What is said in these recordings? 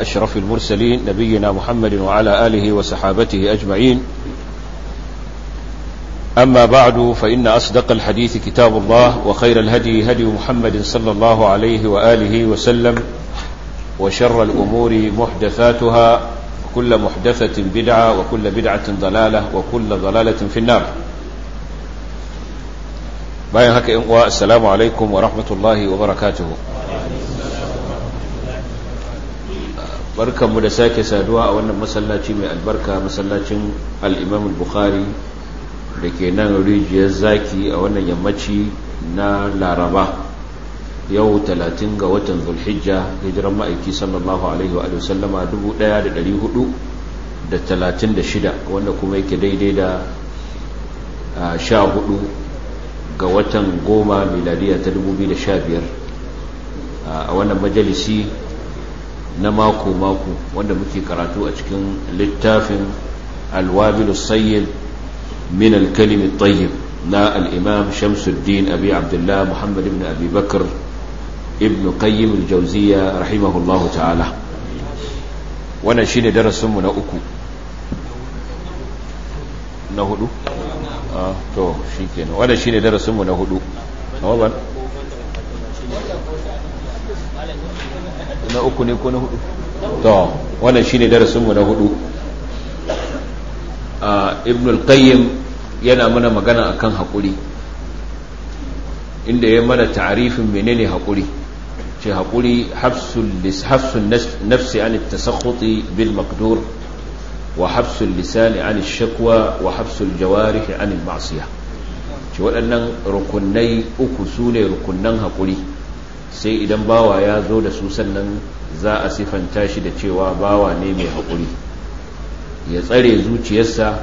أشرف المرسلين نبينا محمد وعلى آله وصحابته أجمعين أما بعد فإن أصدق الحديث كتاب الله وخير الهدي هدي محمد صلى الله عليه وآله وسلم وشر الأمور محدثاتها كل محدثة بدعة وكل بدعة ضلالة وكل ضلالة في النار السلام عليكم ورحمة الله وبركاته barkanmu da sake saduwa a wannan masallaci mai albarka masallacin al'imam bukhari da ke nan rijiyar zaki a wannan yammaci na laraba yau 30 ga watan zulhijja hijiran ma'aiki sallallahu alaihi wa sallama 1436 wanda kuma yake daidai da 14 ga watan goma miladiya ta 2015 a wannan majalisi na mako-mako wanda muke karatu a cikin littafin alwabilu sayyid min alkalimi tayyib na al'imam shamsuddin abi abdullah muhammad ibn abi ibn qayyim al-jauziya rahimahullahu ta'ala wannan shine darasinmu na uku na hudu ah, to shikenan wannan shine darasinmu na hudu na na uku ne ko na hudu to wannan shine darasinmu na hudu ibn al-qayyim yana mana magana akan haƙuri inda ya mana ta'arifin menene haƙuri ce haƙuri hafsun nafsi an tasakhuti bil maqdur wa hafsun lisani an shakwa wa hafsun jawarihi an ma'siya ce waɗannan rukunai uku sune rukunan hakuri haƙuri sai idan bawa ya zo da su sannan za a sifanta shi da cewa bawa ne mai haƙuri ya tsare zuciyarsa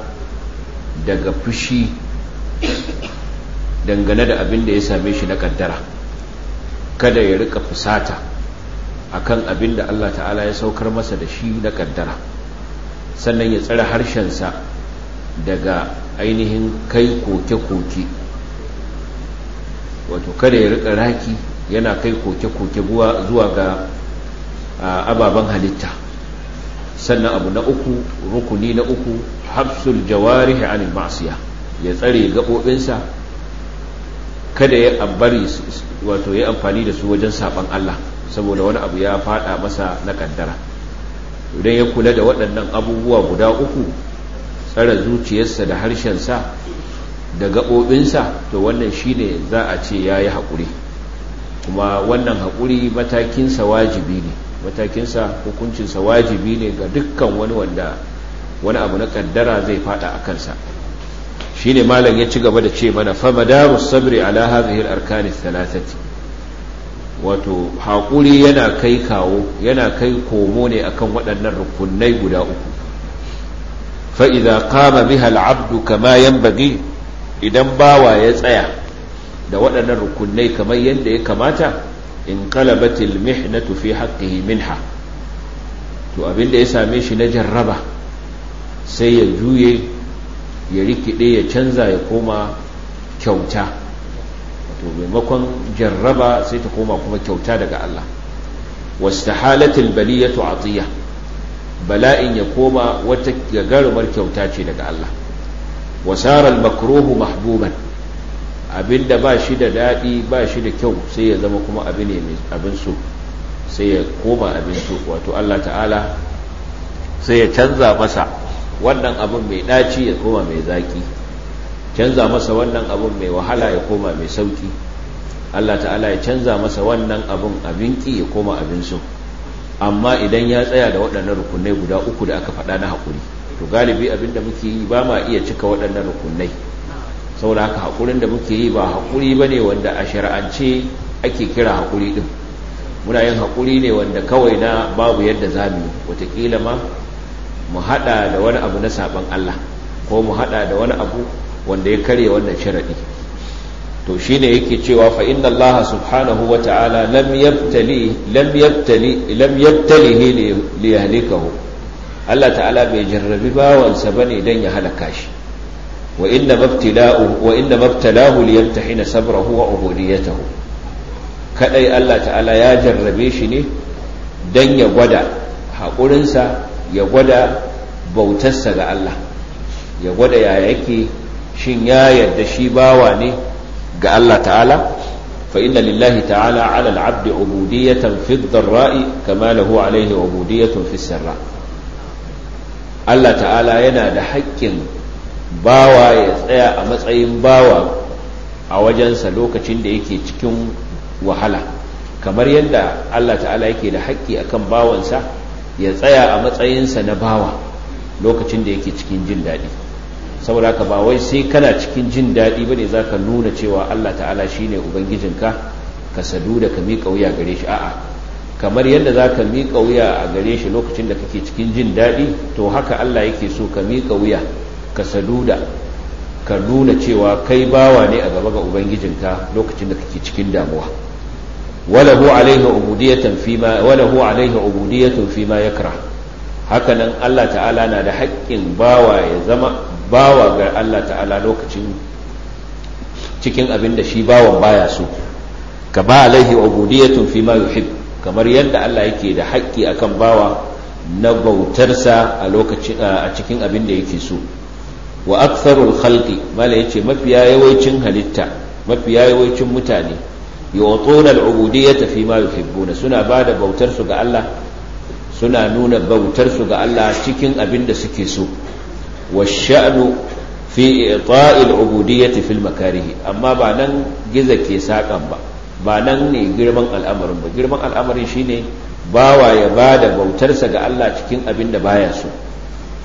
daga fushi dangane da abin da ya same shi na kaddara kada ya rika fusata akan abin da Allah ta'ala ya saukar masa da shi na kaddara sannan ya tsare harshensa daga ainihin kai koke-koke wato kada ya rika raki yana kai koke-koke zuwa ga ababen halitta sannan abu na uku rukuni na uku hafsul jawari anil ma'siya ya tsare gaɓoɓinsa kada ya bari wato ya amfani da su wajen saɓan Allah saboda wani abu ya fada masa na kaddara idan ya kula da waɗannan abubuwa guda uku tsara zuciyarsa da harshensa da gaɓoɓinsa to wannan shine za a ce ya yi haƙuri kuma wannan haƙuri matakinsa wajibi ne matakinsa hukuncinsa wajibi ne ga dukkan wani wanda wani abu na ƙaddara zai fada a kansa shi ne malam ya ci gaba da ce mana famadaru sabri ala hazihir arkani talatati wato haƙuri yana kai kawo yana kai komo ne akan waɗannan rukunai guda uku fa'iza kama biha al'abdu kama yan bagi idan bawa ya tsaya da waɗannan rukunai kamar yadda ya kamata in kalabatil mihnatu fi haqqihi minha to abinda ya same shi na jarraba sai ya juye ya rikide ya canza ya koma kyauta to maimakon jarraba sai ta koma kuma kyauta daga Allah wastahalatil baliyatu atiya bala'in ya koma wata gagarumar kyauta ce daga Allah wasarar makruhu mahbuban abin da ba shi da daɗi ba shi da kyau sai ya zama kuma abin ne abin so sai ya koma abin so wato Allah ta'ala sai ya canza masa wannan abin mai ɗaci ya koma mai zaƙi canza masa wannan abin mai wahala ya koma mai sauƙi Allah ta'ala ya canza masa wannan abin abin ya koma abin so amma idan ya tsaya da waɗannan rukunai guda uku da aka faɗa na haƙuri to galibi abin da muke yi ba ma iya cika waɗannan rukunai saboda haka haƙurin da muke yi ba haƙuri ba ne wanda a shari'ance ake kira haƙuri ɗin muna yin haƙuri ne wanda kawai na babu yadda za mu watakila ma mu haɗa da wani abu na sabon Allah ko mu haɗa da wani abu wanda ya karya wannan sharaɗi to shi ne yake cewa fa inna Allah subhanahu wa ta'ala lam yabtali lam yabtali lam yabtalihi li Allah ta'ala bai jarrabi bawansa bane dan ya halaka shi wa inna mabtila'u wa inna mabtalahu huwa ubudiyatahu kadai Allah ta'ala ya jarrabe shi ne dan ya gwada haƙurinsa ya gwada bautarsa ga Allah ya gwada ya yake shin ya yarda shi bawa ne ga Allah ta'ala fa inna lillahi ta'ala 'ala al-'abdi ubudiyatan fi ad-dharra'i kama lahu 'alayhi ubudiyatun fi sirra Allah ta'ala yana da haƙƙin bawa ya tsaya a matsayin bawa a wajensa lokacin da yake cikin wahala kamar yadda Allah ta'ala yake da haƙƙi akan bawansa ya tsaya a matsayinsa na bawa lokacin da yake cikin jin daɗi saboda haka ba wai sai kana cikin jin daɗi bane za ka nuna cewa Allah ta'ala shi ne ubangijinka ka sadu da ka miƙa wuya gare shi a'a kamar yadda za ka miƙa wuya a gare shi lokacin da kake cikin jin daɗi to haka Allah yake so ka miƙa wuya ka saluda ka nuna cewa kai bawa ne a gaba ga ubangijinka lokacin da kake cikin damuwa walahu alaihi ubudiyatan fi ma walahu alaihi ubudiyatan fi ma yakra nan Allah ta'ala na da haƙƙin bawa ya zama bawa ga Allah ta'ala lokacin cikin abin da shi bawan baya so ba alaihi ubudiyatan fi ma yuhib kamar yadda Allah yake da haƙƙi akan bawa na bautarsa a lokacin a cikin abin da yake so wa aksarul khalqi mala yace mafiya yawancin halitta mafiya yawancin mutane yuwatuna al-ubudiyyata fi ma yuhibbuna suna bada bautar su ga Allah suna nuna bautar su ga Allah cikin abin da suke so wa sha'nu fi ita'il ubudiyyati fil makarih amma ba nan giza ke sakan ba ba nan ne girman al'amarin ba girman al'amarin shine bawa ya bada bautarsa ga Allah cikin abin da baya so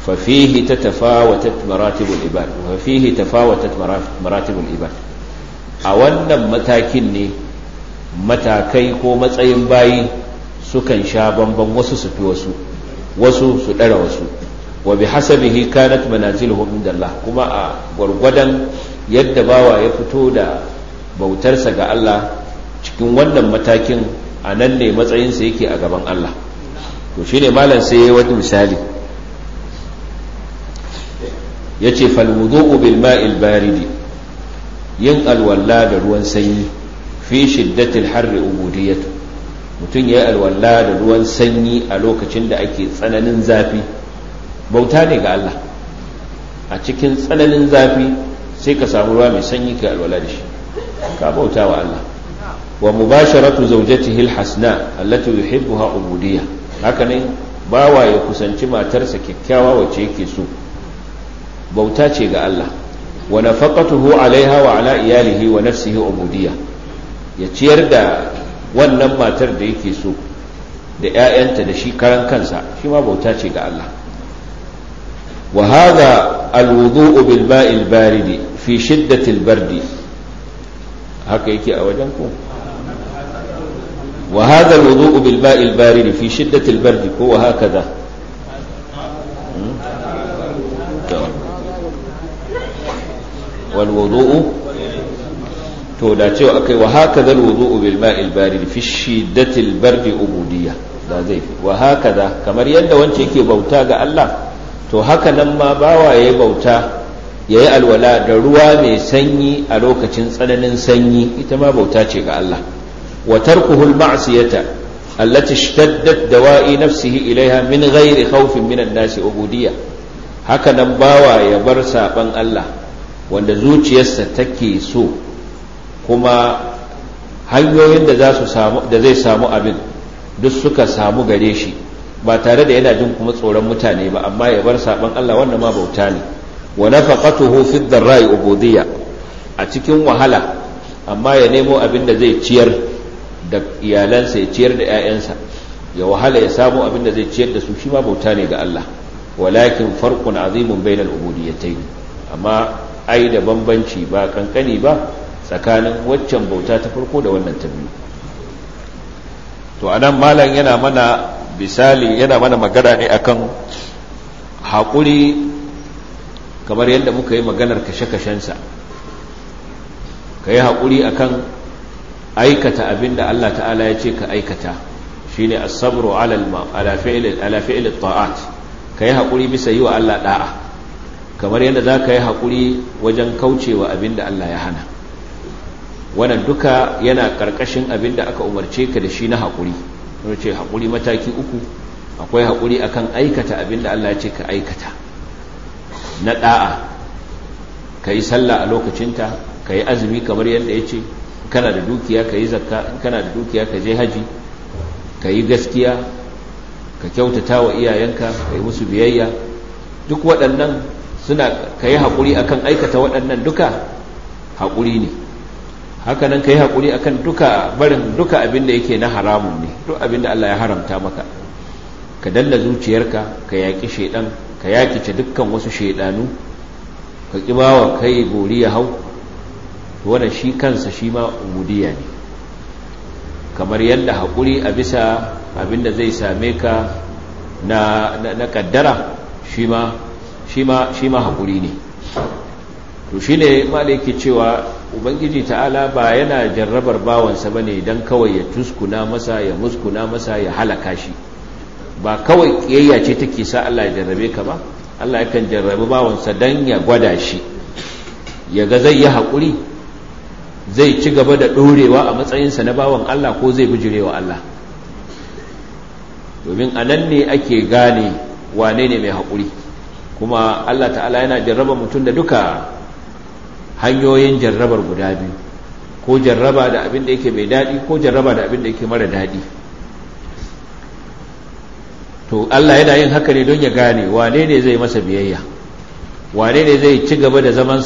fafihi ta tafawatat maratibul ibad fafihi tafawatat maratibul ibad a wannan matakin ne matakai ko matsayin bayi sukan sha bamban wasu su fi wasu wasu su ɗara wasu wa bi hasabihi kanat manaziluhum indallah kuma a gwargwadon yadda bawa ya fito da bautarsa ga Allah cikin wannan matakin a nan ne matsayinsa yake a gaban Allah to shine malam sai ya wani misali ya ce wudu'u ubilma ilbaridi baridi yin alwalla da ruwan sanyi fi shiddatil harri ubudiyatu mutum ya yi alwalla da ruwan sanyi a lokacin da ake tsananin zafi bauta ne ga Allah a cikin tsananin zafi sai ka samu ruwa mai sanyi ka alwala da shi ka bauta wa Allah wa mubasharatu zawjatihi alhasna allati yuhibbuha ubudiyya haka ne bawa ya kusanci matarsa kyakkyawa wacce yake so bauta ce ga Allah wa nafaqatuhu alaiha wa ala iyalihi wa nafsihi ubudiyya ya ciyar da wannan matar da yake so da ‘ya'yanta da shi karan kansa shi ma bauta ce ga Allah wa haza alwudu'u bil ma'il baridi fi shiddatil bardi haka yake a wajen ku wa haza alwudu'u bil ma'il baridi fi shiddatil bardi ko wa hakaza hmm? wal to da cewa akai wa hakaza al wudu'u bil ma'il barid fi bardi ubudiyya da zai fi wa da kamar yadda wance yake bauta ga Allah to haka nan ma bawa yayi bauta yayi alwala da ruwa mai sanyi a lokacin tsananin sanyi ita ma bauta ce ga Allah wa tarkuhu al ma'siyata allati ishtaddat dawa'i nafsihi ilaiha min ghairi khawfin minan nasi ubudiyya haka nan bawa ya bar saban Allah wanda zuciyarsa take so kuma hanyoyin da zai samu abin duk suka samu gare shi ba tare da yana jin kuma tsoron mutane ba amma ya bar saban Allah wannan ma bauta ne wa nafaqatuhu fi dharra'i ubudiyya a cikin wahala amma ya nemo abin da zai ciyar da iyalansa ya ciyar da 'ya'yansa ya wahala ya samu abin da zai ciyar da su shi ma bauta ne ga Allah walakin farqun azimun bainal ubudiyyatayn amma ai da bambanci ba kankani ba tsakanin waccan bauta ta farko da wannan ta biyu to anan malam yana mana misali yana mana magana ne akan haƙuri kamar yadda muka yi maganar kashe-kashensa ka yi haƙuri akan aikata abin da Allah ta'ala ya ce ka aikata shi ne asabro ala ta'at ka yi haƙuri bisa yi wa Allah ɗa'a kamar yadda za ka yi haƙuri wajen kaucewa abin da Allah ya hana wannan duka yana ƙarƙashin abin da aka umarce ka da shi na haƙuri ce haƙuri mataki uku akwai haƙuri akan aikata abin da Allah ya ce ka aikata na ɗa'a ka yi sallah a lokacinta ka yi azumi kamar yadda ya ce kana da dukiya ka yi zakka kana da dukiya ka je haji ka yi gaskiya ka kyautata wa iyayenka ka yi musu biyayya duk waɗannan suna ka yi haƙuri a kan aikata waɗannan duka haƙuri ne hakanan ka yi haƙuri a kan duka barin duka abin da yake na haramun ne duk abin da Allah ya haramta maka ka dalla zuciyarka ka yaƙi shaiɗan ka yaƙice dukkan wasu shaiɗanu ka ƙi bawa kai gori ya hau wannan shi kansa shi ma umudiya ne kamar yadda haƙuri a bisa abin da zai same ka na ƙaddara shi ma shi ma haƙuri hakuri ne to shine maliki cewa ubangiji ta'ala ba yana jarrabar bawansa ba ne don kawai ya tuskuna masa ya muskuna masa ya halaka shi ba kawai ƙiyayya ce take sa Allah ya jarrabe ka ba Allah kan jarrabi bawansa don ya gwada shi ya ga zai yi haƙuri zai ci gaba da ɗorewa a matsayinsa na bawan Allah ko zai bijirewa Allah domin anan ne ake gane wane ne mai haƙuri kuma Allah ta'ala yana jarraba mutum da duka hanyoyin jarrabar guda biyu ko jarraba da abin da yake mai daɗi ko jarraba da abin da yake mara daɗi to Allah yana yin haka ne don ya gane wane ne zai masa biyayya wane ne zai ci gaba da zama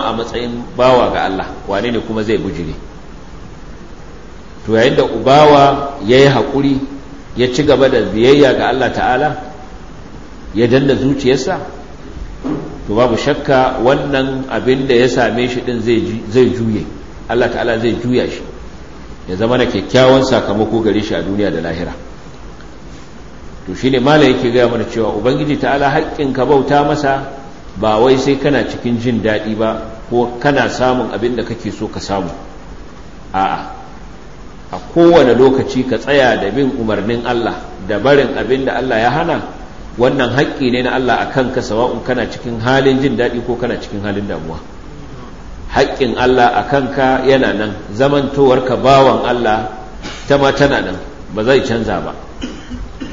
a matsayin bawa ga Allah wane ne kuma zai bujire to yayin da ubawa ya yi haƙuri ya ci gaba da biyayya ga Allah ta'ala ya danna zuciyarsa to babu shakka wannan abin da ya same shi din zai juye Allah ta'ala zai juya shi ya zama na kyakkyawan sakamako gare shi a duniya da lahira to shine mala yake gaya mana cewa ubangiji ta'ala haƙƙin ka bauta masa ba wai sai kana cikin jin daɗi ba ko kana samun abin da kake so ka samu a'a a kowane lokaci ka tsaya da bin umarnin Allah da barin abin da Allah ya hana wannan haƙƙi ne na Allah a kanka sawa'un kana cikin halin jin daɗi ko kana cikin halin damuwa haƙƙin Allah a kanka yana nan ka bawan Allah ta ma tana nan ba zai canza ba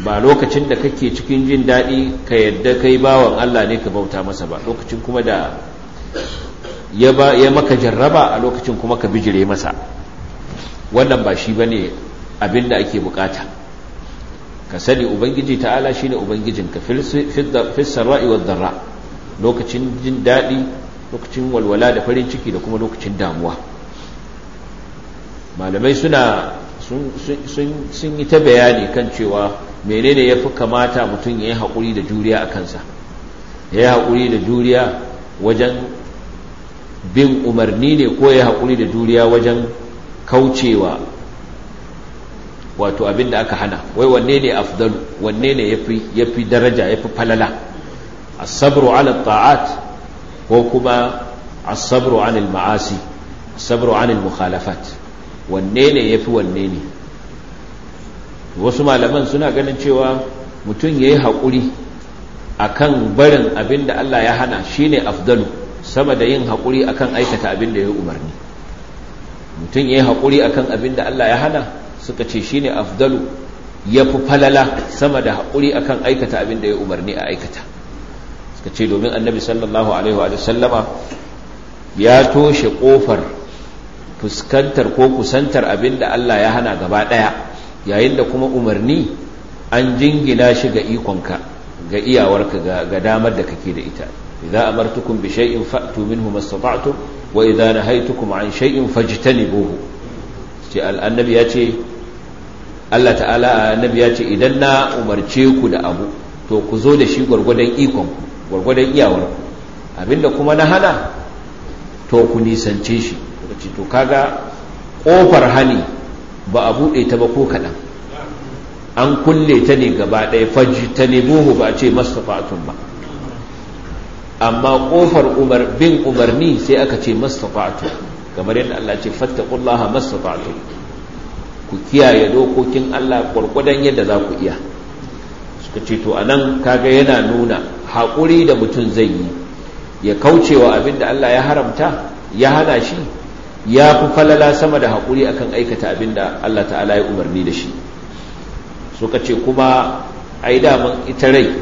ba lokacin da kake cikin jin daɗi ka yadda kai bawan Allah ne ka bauta masa ba lokacin kuma da ya maka jarraba a lokacin kuma ka bijire masa wannan ba shi ba ne abin da ake bukata ka sani ubangiji ta ta'ala shine ubangijinka fissar ra'i wad darra lokacin jin daɗi lokacin walwala da farin ciki da kuma lokacin damuwa malamai suna sun yi ta bayani kan cewa menene ya fi kamata mutum ya yi haƙuri da juriya a kansa ya yi haƙuri da juriya wajen bin umarni ne ko ya yi haƙuri da juriya wajen kaucewa wato abin da aka hana wai wanne ne afdalu wanne ne ya fi daraja ya fi falala asabru ala ta'at ko kuma asabru anil ma'asi asabru anil mukhalafat wanne ne ya fi wanne ne wasu malaman suna ganin cewa mutum ya yi haƙuri akan barin abin da Allah ya hana shi ne afdalu sama da yin haƙuri akan aikata abin da ya umarni mutum ya yi haƙuri akan abin da Allah ya hana suka ce shine afdalu fi falala sama da haƙuri akan aikata abin da ya umarni a aikata suka ce domin annabi sallallahu alaihi wa sallama ya toshe kofar fuskantar ko kusantar abin da Allah ya hana gaba ɗaya yayin da kuma umarni an jingina shi ga ikonka ga iyawarka ga damar da kake da ita idza amartukum bi shay'in fa'tu minhu mastata'tum wa idza nahaytukum an shay'in fajtanibuhu ce al'annabi ya ce Allah ta'ala annabi ya ce idan na umarce ku da abu to ku zo da shi gwargwadon ikon ku gwargwadon iyawar ku abinda kuma na hana to ku nisance shi ce to kaga kofar hani ba a buɗe ta ba ko kaɗan an kulle ta ne gaba ɗaya faji ta ne nemo ba a ce mastafatun ba amma kofar umar bin umarni sai aka ce mastafatun kamar yadda Allah ce fattaqullaha mastafatun ku kiyaye dokokin Allah gwargwadon yadda za ku iya suka ce to anan kaga yana nuna haƙuri da mutum zai yi ya kaucewa abin da Allah ya haramta ya hana shi ya fi falala sama da haƙuri akan aikata abin da Allah ta'ala ya umarni da shi suka ce kuma ai daman ita rai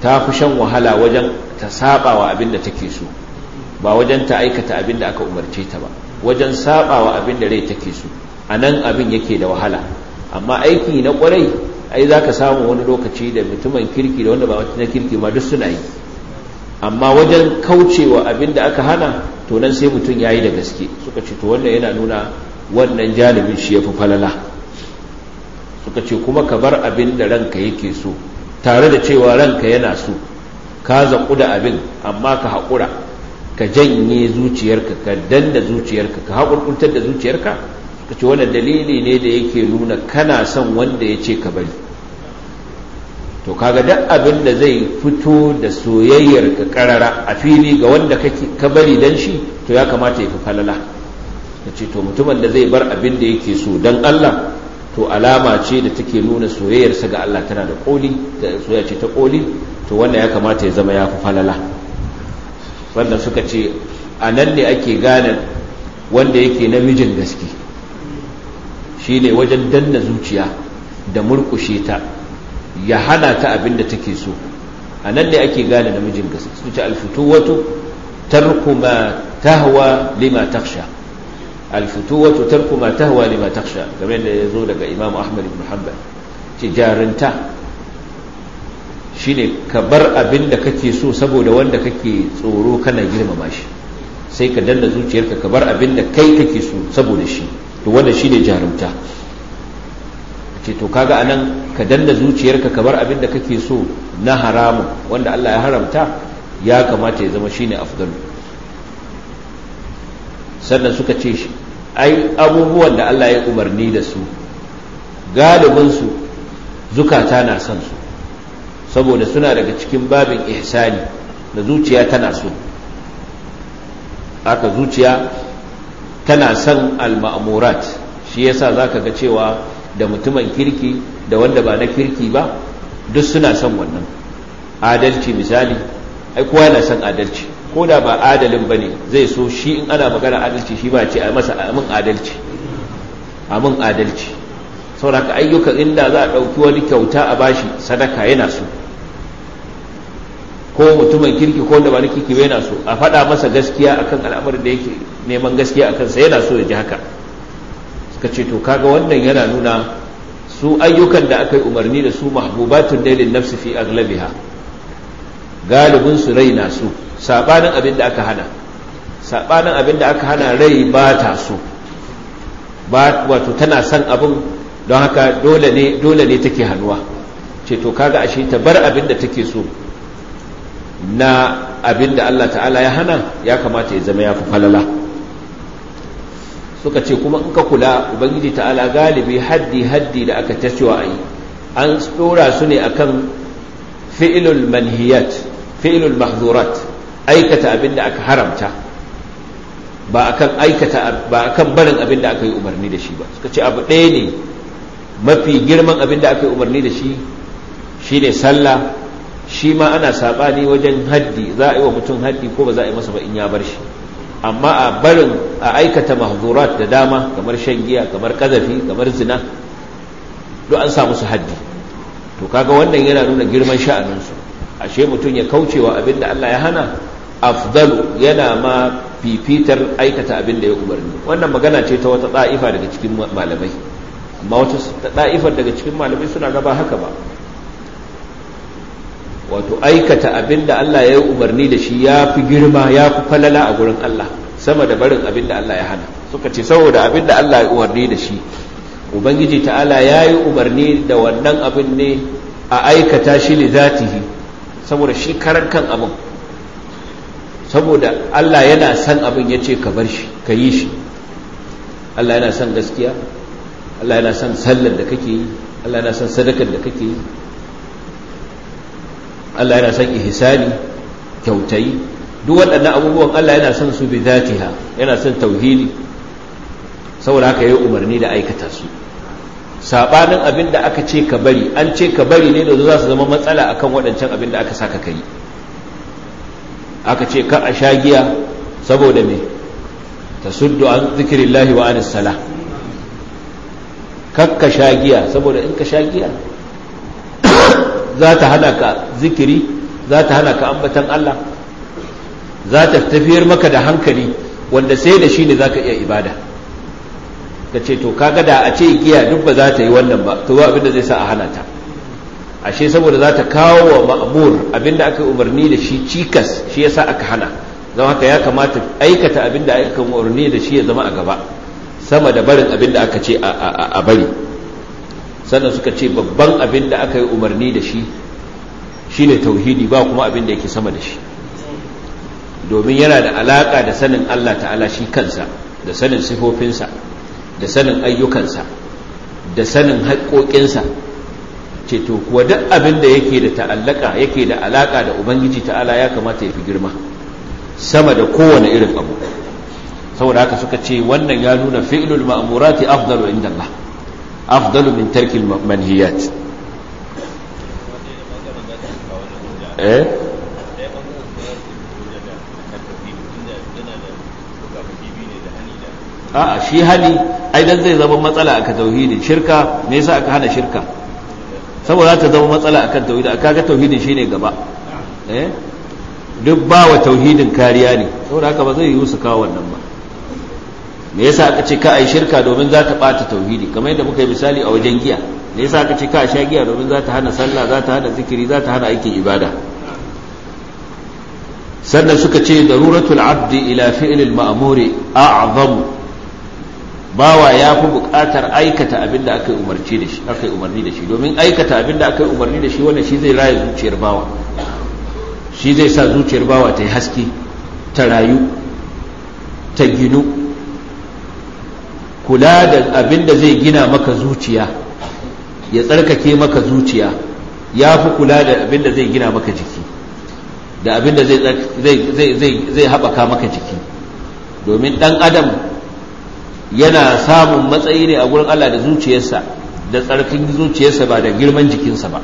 ta fi shan wahala wajen ta saba wa abin da take so ba wajen ta aikata abin da aka umarce ta ba wajen saba wa abin da rai take so a nan abin yake da wahala amma aiki na kwarai ai za ka samu wani lokaci da mutumin kirki da wanda ba na kirki ma duk suna yi amma wajen kaucewa abin da aka hana to nan sai mutum ya yi da gaske suka ce to wannan yana nuna wannan jalibin shi ya fi falala suka ce kuma ka bar abin da ranka yake so tare da cewa ranka yana so ka zaƙu da abin amma ka haƙura ka janye zuciyarka ka danda zuciyarka ka haƙurƙuntar da zuciyarka ka ce wannan dalili ne da yake nuna kana son wanda ya ce ka bari to kaga duk abin da zai fito da soyayyar ka karara a fili ga wanda ka bari dan shi to ya kamata ya fi falala ka ce to mutumin da zai bar abin da yake so dan Allah to alama ce da take nuna soyayyarsa ga Allah tana da koli da soyayya ce ta koli to wannan ya kamata ya zama ya fi falala wannan suka ce a nan ne ake gane wanda yake namijin gaske Shi ne wajen danna zuciya da murkushe ta ya hana ta abin da take so a nan ne ake gane namijin gasa su ce wato tarko ma tahwa lima takhsha wato tarko ma tahwa lima taksha, game da ya zo daga imam ahmad ibn hanbal ce jarinta Shi ne ka bar abin da kake so saboda wanda kake tsoro kana girmama shi sai ka danna zuciyarka ka bar abin da kai kake so saboda shi to wannan shine jarumta ce to kaga anan ka danna zuciyarka kamar abin da kake so na haramun wanda Allah ya haramta ya kamata ya zama shine afdalu sannan suka ce shi ai abubuwan da Allah ya umarni da su galibin su zukata na son su saboda suna daga cikin babin ihsani da zuciya tana so aka zuciya tana son al-ma'murat shi yasa zaka ga cewa da mutumin kirki da wanda ba na kirki ba duk suna son wannan adalci misali ai kowa yana son adalci ko da ba adalin bane zai so shi in ana magana adalci shi ba ce a masa amin adalci amin adalci saboda ayyukan inda za a ɗauki wani kyauta a bashi sadaka yana so ko mutumin kirki ko da ba na kirki yana so a faɗa masa gaskiya akan al'amarin da yake neman gaskiya akan sa yana so ya ji haka suka ce to kaga wannan yana nuna su ayyukan da aka yi umarni da su mahbubatun ne lin nafsi fi aglabiha galibin su rai na su sabanin abin da aka hana sabanin abin da aka hana rai ba ta so ba wato tana son abin don haka dole ne dole ne take hannuwa ce to kaga ashe ta bar abin da take so na abinda Allah ta'ala ya hana ya kamata ya zama ya fi falala suka ce kuma in ka kula ubangiji ta'ala galibi haddi haddi da aka ta cewa ayi an tsora su ne akan fi'ilul manhiyat fi'ilul mahzurat aikata abin da aka haramta ba akan aikata ba akan barin abin da aka yi umarni da shi ba suka ce abu ɗaya ne mafi girman abin da aka yi umarni da shi shine sallah shi ma ana saɓani wajen haddi za a yi wa mutum haddi ko ba za a yi masa ba in ya bar shi amma a barin a aikata mahzurat da dama kamar shan giya kamar kazafi kamar zina duk an samu su haddi to kaga wannan yana nuna girman sha'anin su ashe mutum ya kaucewa abin da Allah ya hana afdalu yana ma fifitar aikata abin da ya umarni wannan magana ce ta wata da'ifa daga cikin malamai amma wata da'ifar daga cikin malamai suna gaba haka ba wato aikata abin da Allah ya yi umarni da shi ya fi girma ya fi falala a gurin Allah sama da barin abin da Allah ya hana suka ce saboda abin da Allah ya umarni da shi ubangiji ta'ala ya yi umarni da wannan abin ne a aikata shi ne zatihi saboda shi karan kan abin saboda Allah yana san abin ya ce ka bar shi ka yi shi Allah yana son gaskiya Allah yana son sallar da kake yi Allah yana son sadakar da kake yi Allah yana son ihsani kyautai duk waɗannan abubuwan Allah yana son su bi zatiha yana son tauhidi saboda haka yayi umarni da aikata su sabanin abin da aka ce ka bari an ce ka bari ne da za su zama matsala akan waɗancan abin da aka saka kai aka ce ka a sha giya saboda me tasuddu an zikrillahi wa anis salah kakka sha giya saboda in ka sha giya za ta hana ka zikiri za ta hana ka ambatan Allah za ta tafiyar maka da hankali wanda sai da shi ne za ka iya ibada ka ce to kaga da a ce giya duk ba za ta yi wannan ba to abin da zai sa a hana ta ashe saboda za ta kawo wa ma'amur abin da aka umarni da shi cikas shi ya sa aka hana zama haka ya kamata aikata abin da aka umarni da shi ya zama a gaba sama da barin abin da aka ce a bari sannan suka ce babban abin da aka yi umarni da shi shi ne tauhidi ba kuma abin da yake sama da shi domin yana da alaka da sanin Allah ta'ala shi kansa da sanin sifofinsa da sanin ayyukansa da sanin haƙoƙinsa ce to kuwa duk abin da yake da ta'allaka yake da alaka da ubangiji ta'ala ya kamata ya fi girma sama da kowane irin abu saboda haka suka ce wannan ya nuna fi'lul ma'amurati afdalu inda Allah afdalu min tarkil manhiyat eh a shi hali ai zai zama matsala aka tauhidin shirka me yasa aka hana shirka saboda ta zama matsala akan tauhidi aka ga tauhidin shine gaba eh duk ba wa tauhidin kariya ne saboda haka ba zai yiwu su kawo wannan ba me yasa aka ce ka ai shirka domin za ta bata tauhidi kamar yadda muka yi misali a wajen giya me yasa aka ce ka sha giya domin za ta hana sallah za ta hana zikiri za ta hana aikin ibada sannan suka ce daruratul abdi ila fi'lil ma'muri a'zamu bawa ya fi buƙatar aikata abin da aka umarci da shi aka umarni da shi domin aikata abin da aka umarni da shi wannan shi zai raya zuciyar bawa shi zai sa zuciyar bawa ta yi haske ta rayu ta ginu kula da abin da zai gina maka zuciya ya tsarkake maka zuciya ya fi kula da abin da zai gina maka jiki da abin da zai haɓaka maka jiki domin ɗan adam yana samun matsayi ne a gurin Allah da zuciyarsa da tsarkin zuciyarsa ba da girman jikinsa ba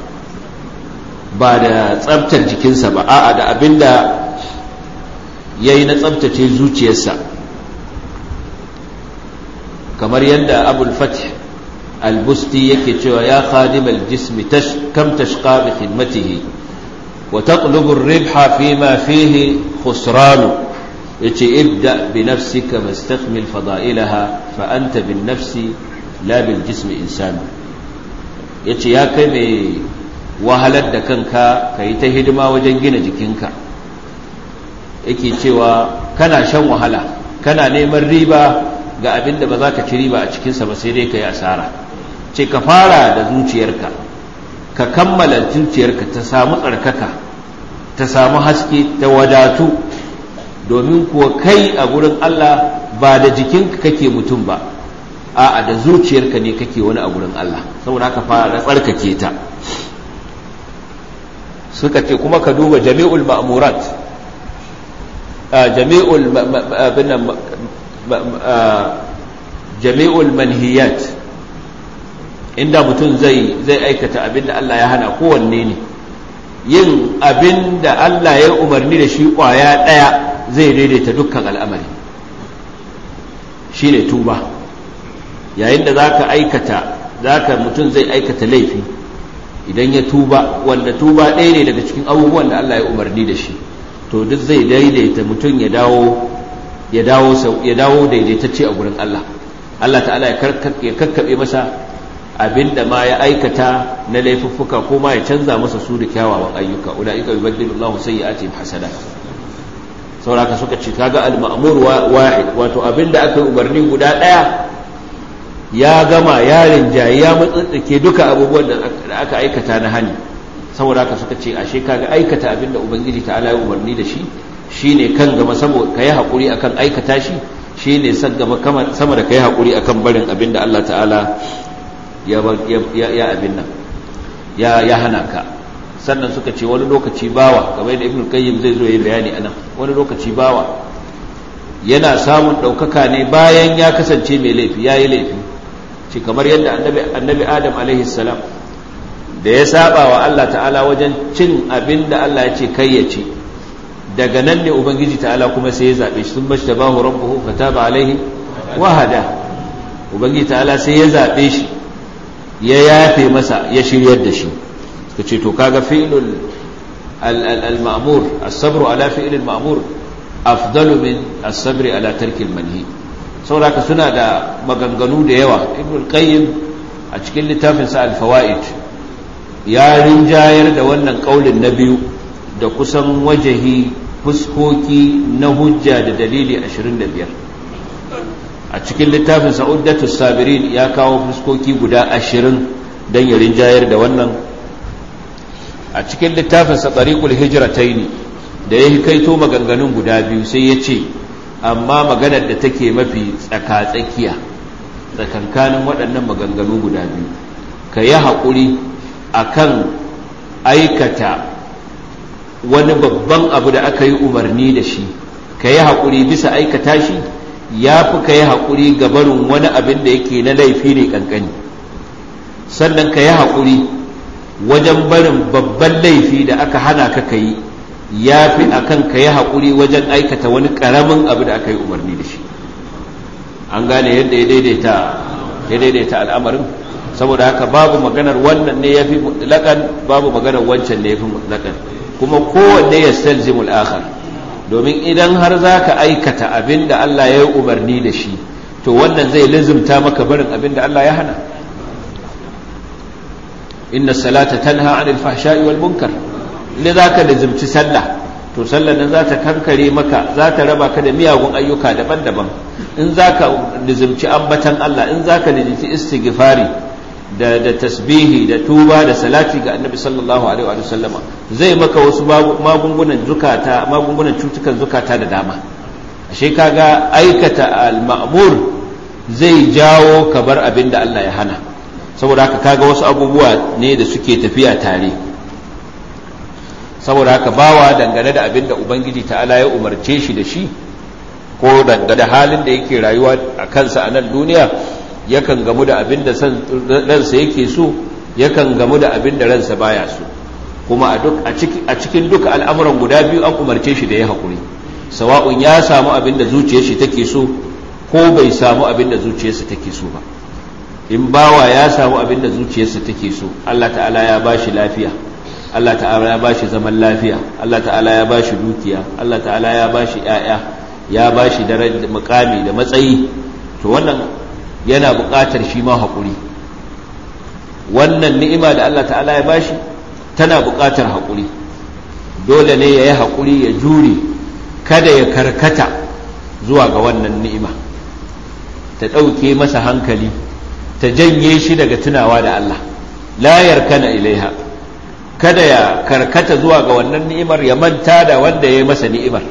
ba da tsabtar jikinsa ba a'a da abin da ya yi na tsabtace zuciyarsa kamar yadda abul fath al-busti yake cewa ya khadim al-jism kam tashqa bi khidmatihi wa taqlubu ar-ribha fi ma fihi khusran yace ibda bi nafsika mastakmil fada'ilaha fa anta bin nafsi la bil jism insan yace ya kai mai wahalar da kanka kai ta hidima wajen gina jikinka yake cewa kana shan wahala kana neman riba ga abin da ba za ka ci riba a cikinsa ba sai dai ka yi asara ce ka fara da zuciyarka ka kammala zuciyarka ta samu tsarkaka ta samu haske ta wadatu domin kuwa kai a gurin Allah ba da jikinka kake mutum ba a'a da zuciyarka ne kake wani a gurin Allah saboda haka fara da tsarkake ta suka ce kuma ka duba jami'ul ma'murat jami'ul jami'ul manhiyat inda mutum zai zai aikata abinda Allah ya hana kowanne ne yin abinda Allah ya umarni da shi kwaya daya zai daidaita dukkan al'amari shine tuba yayin da zaka aikata zaka mutum zai aikata laifi idan ya tuba wanda tuba ɗaya ne daga cikin abubuwan da Allah ya umarni da shi to duk zai daidaita mutum ya dawo ya dawo ya dawo daidaitacce a gurin Allah Allah ta'ala ya kakkabe masa abinda ma ya aikata na laifuffuka ko ma ya canza masa su da kyawawan ayyuka Allah sai ya sayyi'atihim hasada sauraka suka ce kaga al-ma'mur wahid wato abinda aka umarni guda daya ya gama ya rinjaye ya matsantsake duka abubuwan da aka aikata na hani saboda haka suka ce ashe kaga aikata abinda ubangiji ta'ala ya umarni da shi Shi ne kan gama saboda yi hakuri akan aikata shi shi san sama da kai hakuri akan barin abin da Allah ta'ala ya abin nan ya hana ka sannan suka ce wani lokaci bawa kamar da ibnul qayyim zai zo yi bayani nan wani lokaci bawa yana samun ɗaukaka ne bayan ya kasance mai laifi ya yi laifi shi kamar yadda annabi adam alaihi da ya saba wa allah ta'ala wajen cin abin da allah ya ce kai ya ci daga nan ne ubangiji ta'ala kuma sai ya zaɓe shi sun mashtabahu rabbuhu fataba alaihi wahada ubangiji ta'ala sai ya zabe shi ya yafe masa ya shiryar da shi kace to kaga fi'lul al-ma'mur as-sabru ala fi'lil ma'mur afdalu min as-sabri ala tarkil manhi saboda suna da maganganu da yawa ibnu qayyim a cikin littafin sa al-fawaid ya rinjayar da wannan kaulin na biyu da kusan wajahi fuskoki na hujja da dalili 25 a cikin littafin sa'udatu sabirin ya kawo fuskoki guda 20 don ya rinjayar da wannan a cikin littafin sa tsariƙul hijirataini da ya kaito maganganun guda biyu sai ya ce amma maganar da take mafi tsaka-tsakiya tsakankanin waɗannan maganganu guda biyu ka yi haƙuri a kan aikata wani babban abu da aka yi umarni da shi ka yi haƙuri bisa aikata shi ya fi ka yi haƙuri ga barin wani abin da yake na laifi ne ƙanƙani sannan ka yi haƙuri wajen barin babban laifi da aka hana ka ka yi ya fi a kan ka yi haƙuri wajen aikata wani ƙaramin abu da aka yi umarni da shi an gane yadda ya daidaita ya daidaita al'amarin saboda haka babu maganar wannan ne ya fi mutlaƙan babu maganar wancan ne ya fi mutlaƙan kuma kowanne ya stalzimul akhar domin idan har za ka aikata abin da Allah ya yi umarni da shi to wannan zai lizimta maka barin abin da Allah ya hana inna salata tanha anil fahsha'i wal munkar ne za ka lizimci sallah to sallah nan za ta kankare maka za ta raba ka da miyagun ayyuka daban-daban in za ka lizimci ambatan Allah in za ka lazimci istighfari da da tasbihi da tuba da salati ga annabi sallallahu alaihi wa sallama zai maka wasu magungunan zukata magungunan cutukan zukata da dama ashe kaga aikata al-ma'mur zai jawo ka bar abin da Allah ya hana saboda haka kaga wasu abubuwa ne da suke tafiya tare saboda haka bawa dangane da abin da ubangiji ta'ala ya umarce shi da shi ko dangane halin da yake rayuwa a kansa a nan duniya yakan gamu da abin da ransa yake so yakan gamu da abin da ransa baya so kuma a cikin duka al'amuran guda biyu an umarce shi da ya haƙuri sawa'un ya samu abin da zuciyar shi take so ko bai samu abin da zuciyarsa take so ba in bawa ya samu abin da zuciyarsa take so Allah ta'ala ya bashi lafiya Allah ta'ala ya bashi zaman lafiya Allah ta'ala ya bashi dukiya Allah ta'ala ya bashi 'ya'ya ya bashi darajar mukami da matsayi to wannan yana buƙatar shi ma haƙuri wannan ni'ima da Allah ta'ala ya bashi tana buƙatar haƙuri dole ne ya yi haƙuri ya jure kada ya karkata zuwa ga wannan ni'ima ta ɗauke masa hankali ta janye shi daga tunawa da Allah Layar kana ilaiha kada ya karkata zuwa ga wannan ni'imar ya manta da wanda ya yi masa ni'imar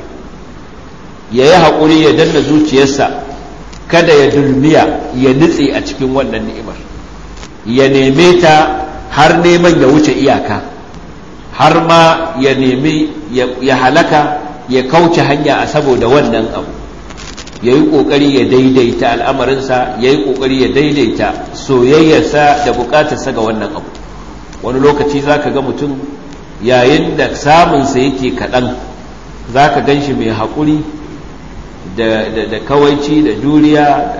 ya yi haƙuri ya danna zuciyarsa kada ya dulmiya ya nutse a cikin wannan ni'imar ya neme ta har neman ya wuce iyaka har ma ya nemi ya halaka ya kauce hanya a saboda wannan abu ya yi ƙoƙari ya daidaita al'amarinsa ya yi ƙoƙari ya daidaita soyayyarsa da buƙatarsa ga wannan abu wani lokaci za ka ga mutum yayin da samunsa yake kaɗan za ka gan shi mai haƙuri da kawaici da juriya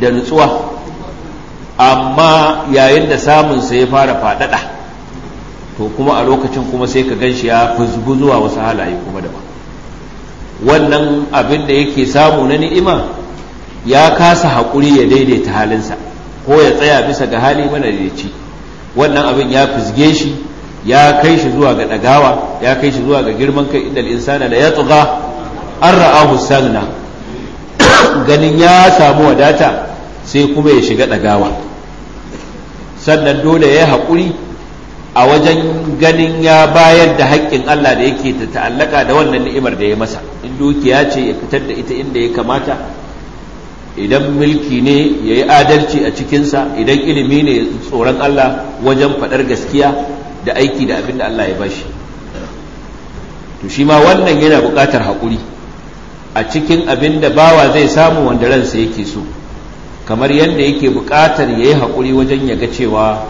da nutsuwa amma yayin da samunsa ya fara faɗaɗa to kuma a lokacin kuma sai ka gan shi ya fuzgu zuwa wasu halaye kuma daban wannan abin da yake samu na ni'ima ya kasa haƙuri ya daidaita halinsa ko ya tsaya bisa ga hali mana da ci. wannan abin ya fizge shi ya kai shi zuwa ga ɗagawa ya kai shi zuwa ga girman kai inda insana da ya tsuga an ra'ahu sagna ganin ya samu wadata sai kuma ya shiga ɗagawa sannan dole ya yi haƙuri a wajen ganin ya bayar da haƙƙin Allah da yake ta ta'allaka da wannan ni'imar da ya masa in dukiya ce ya fitar da ita inda ya kamata idan mulki ne ya yi adalci a cikinsa idan ilimi ne tsoron Allah wajen faɗar gaskiya da aiki da abin da Allah ya bashi to shi ma wannan yana buƙatar haƙuri a cikin abin da bawa zai samu wanda ransa yake so kamar yadda yake buƙatar ya yi haƙuri wajen ya ga cewa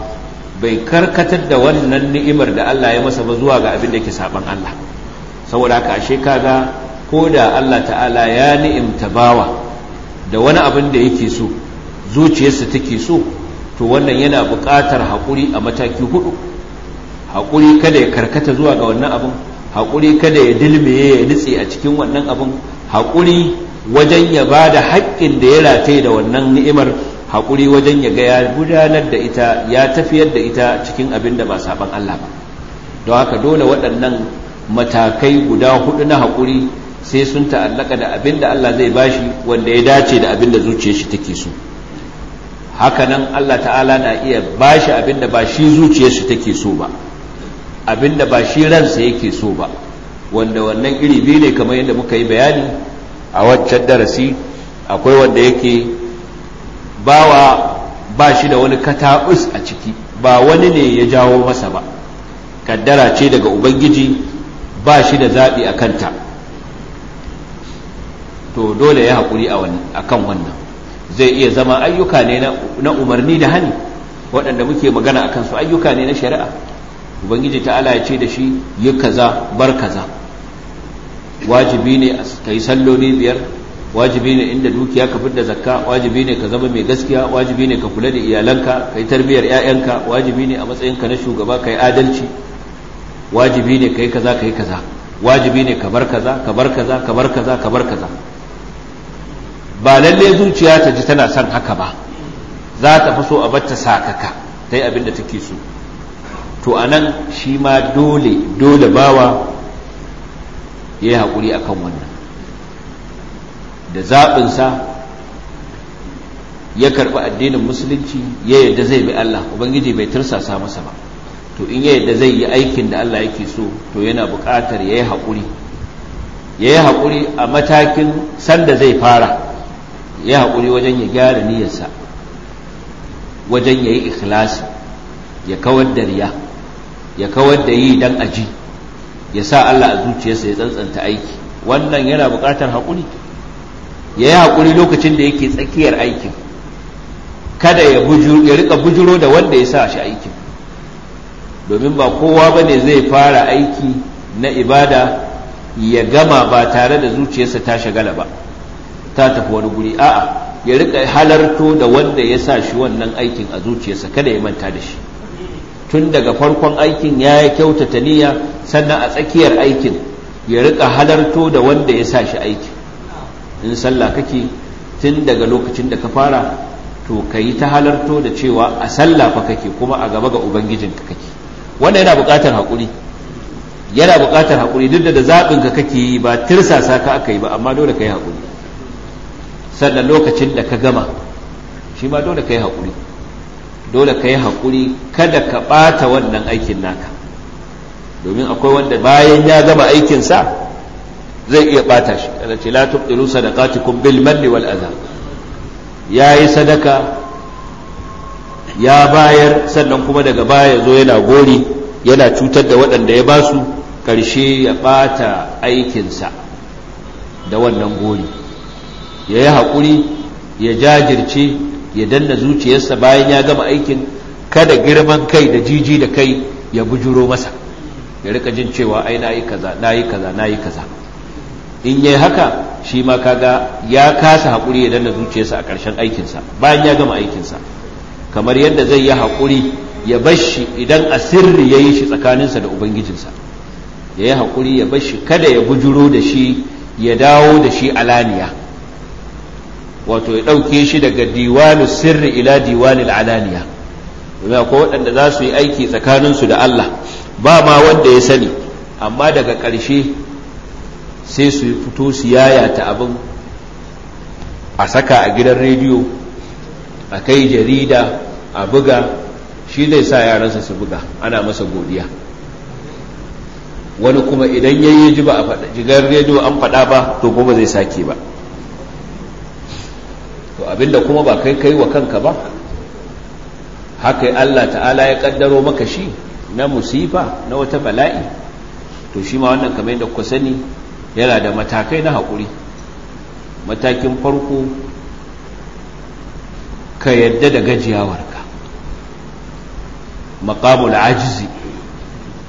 bai karkatar da wannan ni'imar da Allah ya masa ba zuwa ga abin da ke saban Allah saboda haka ashe ga, ko da Allah ta'ala ya ni'imta bawa da wani abin da yake so zuciyarsa take so to wannan yana buƙatar haƙuri a mataki hudu haƙuri kada ya karkata zuwa ga wannan abin haƙuri kada ya dilmeye ya nitse a cikin wannan abin haƙuri wajen ya ba da haƙƙin da ya rataye da wannan ni'imar haƙuri wajen ya gaya gudanar da ita ya tafiyar da ita cikin abin da ba saban Allah ba don haka dole waɗannan matakai guda hudu na haƙuri sai sun ta'allaka da abin da Allah zai bashi wanda ya dace da abin da zuciya shi take so hakanan Allah ta'ala na iya bashi abin da ba shi zuciyar shi take so ba abin da ba shi ransa yake so ba wanda wannan iri biyu ne kamar yadda muka yi bayani a wancan darasi akwai wanda yake bawa ba shi da wani kataɓus a ciki ba wani ne ya jawo masa ba kaddara ce daga ubangiji ba shi da zaɓi a kanta to dole ya haƙuri a kan wannan zai iya zama ayyuka ne na umarni da hani waɗanda muke magana a kansu ayyuka ne na shari'a ubangiji ta'ala ya ce da shi yi kaza bar kaza wajibi ne ka yi salloli biyar wajibi ne inda dukiya ka fidda zakka wajibi ne ka zama mai gaskiya wajibi ne ka kula da iyalanka ka yi tarbiyyar 'ya'yanka wajibi ne a matsayinka na shugaba ka yi adalci wajibi ne ka yi kaza ka yi kaza wajibi ne ka bar kaza ka bar kaza ka bar kaza ka bar kaza ba lalle zuciya ta ji tana son haka ba za ta fi so a bata sakaka ta yi abin da take so to anan shi ma dole dole bawa ya yi haƙuri a kan wannan da zaɓinsa ya karɓi addinin musulunci ya yadda zai bi Allah ubangiji bai tursasa masa ba to in ya yadda zai yi aikin da Allah yake so to yana buƙatar ya yi haƙuri ya yi haƙuri a matakin sanda zai fara ya yi haƙuri wajen ya gyara niyyarsa wajen ya yi ikhlasi ya kawar da riya ya kawar da yi don aji ya sa Allah a zuciyarsa ya tsantsanta aiki wannan yana buƙatar haƙuri ya yi haƙuri lokacin da yake tsakiyar aikin kada ya rika bujuro da wanda ya sa shi aikin domin ba kowa ba ne zai fara aiki na ibada ya gama ba tare da zuciyarsa ta shagala ba ta tafi wani guri a'a ya rika halarto da wanda ya sa shi wannan aikin a zuciyarsa kada ya manta da shi tun daga farkon aikin ya yi kyautata niyya sannan a tsakiyar aikin ya rika halarto da wanda ya sa shi aiki in sallah kake tun daga lokacin da ka fara to ka yi ta halarto da cewa a sallah fa kake kuma a gaba ga ubangijinka kake wannan yana buƙatar haƙuri yana buƙatar haƙuri duk da zaɓin ka kake yi ba tirsasa ka aka yi ba amma dole ka yi haƙuri sannan lokacin da ka gama shi ma dole ka yi haƙuri dole ka yi haƙuri kada ka ɓata wannan aikin naka domin akwai wanda bayan ya gama aikinsa zai iya ɓata shi kada ce la tubdilu sadaqatikum bil manni wal adha yi sadaka ya bayar sannan kuma daga baya zo yana gori yana cutar da waɗanda ya basu ƙarshe ya ɓata aikinsa da wannan gori ya yi haƙuri ya jajirce ya danna zuciyarsa bayan ya gama aikin kada girman kai da jiji da kai ya bujuro masa ya rika jin cewa ai na yi kaza na yi kaza na yi kaza in yi haka shi ma kaga ya kasa hakuri ya danna zuciyarsa a ƙarshen aikinsa bayan ya gama aikinsa kamar yadda zai yi hakuri ya bashi idan a sirri ya yi shi tsakaninsa da ubangijinsa ya yi haƙuri ya bashi kada ya bujuro da shi ya dawo da shi alaniya wato ya ɗauke shi daga diwanu sirri ila diwanin alaniya domin akwai waɗanda za su yi aiki tsakanin su da Allah ba ma wanda ya sani amma daga ƙarshe sai su fito su yayata abin a saka a gidan rediyo a kai jarida a buga shi zai sa yaransa su buga ana masa godiya wani kuma idan ya yi ji ba jigar rediyo an faɗa ba to kuma zai sake ba to abinda kuma ba kai kai wa kanka ba haka Allah ta'ala ya kaddaro maka shi na musifa na wata bala'i to shi ma wannan kamar yadda ku sani yana da matakai na haƙuri matakin farko ka yadda da gajiyawarka maqamul ajizi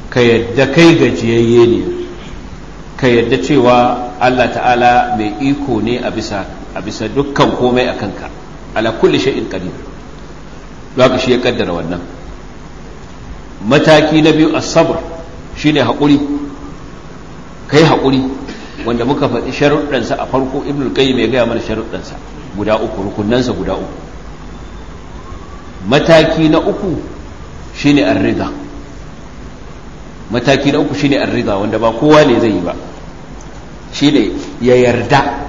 ka yadda kai gajiyayye ne ka yadda cewa Allah ta'ala mai iko ne a bisa a bisa dukkan komai a kanka ala kulli shay'in qadir zaka shi ya kaddara wannan mataki na biyu as-sabr shine hakuri kai hakuri wanda muka faɗi sa a farko ibn al-qayyim ya gaya mana sa guda uku sa guda uku mataki na uku shine ar-rida mataki na uku shine ar-rida wanda ba kowa ne zai yi ba shine ya yarda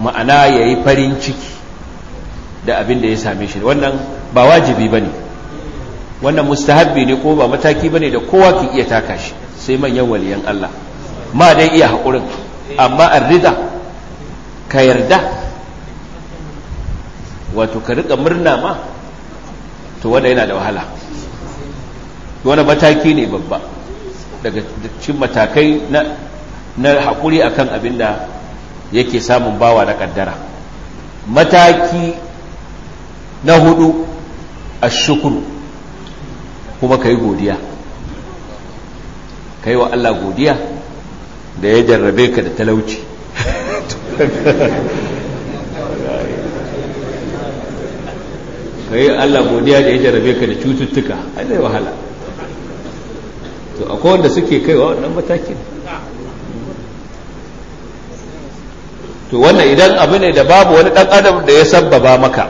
ma'ana ya yi farin ciki da abin da ya same shi wannan ba wajibi ba ne wannan mustahabbi ne ko ba mataki ba ne da kowa ke iya taka shi sai manyan waliyan Allah ma dai iya haƙurin amma an rida ka yarda wato ka riƙa murna ma to wanda yana da wahala wani mataki ne babba daga cikin matakai na haƙuri akan abin da yake samun bawa na kaddara mataki na hudu a shukuru kuma ka yi godiya ka yi wa Allah godiya da ya jarrabe ka da talauci ka yi Allah godiya da ya jarrabe ka da cututtuka ai wahala to akwai wanda suke kaiwa wannan matakin to wannan idan abu ne da babu wani dan adam da ya sabbaba maka